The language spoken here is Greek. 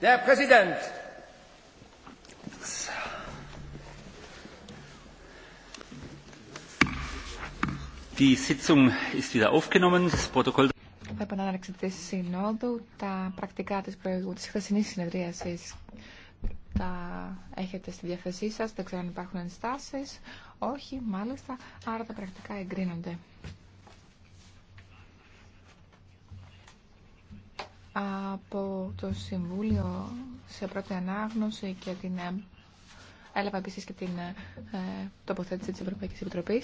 Der Präsident! Die Sitzung ist wieder aufgenommen. Das Protokoll θα επανάληψη τη Συνόδου. Τα πρακτικά της, χθεσινή συνεδρίαση τα έχετε στη διαθεσή σας. Δεν ξέρω αν υπάρχουν ενστάσει. Όχι, μάλιστα. Άρα τα πρακτικά εγκρίνονται. Από το Συμβούλιο σε πρώτη ανάγνωση και την... Ε, έλαβα επίση και την ε, τοποθέτηση της Ευρωπαϊκή Επιτροπή.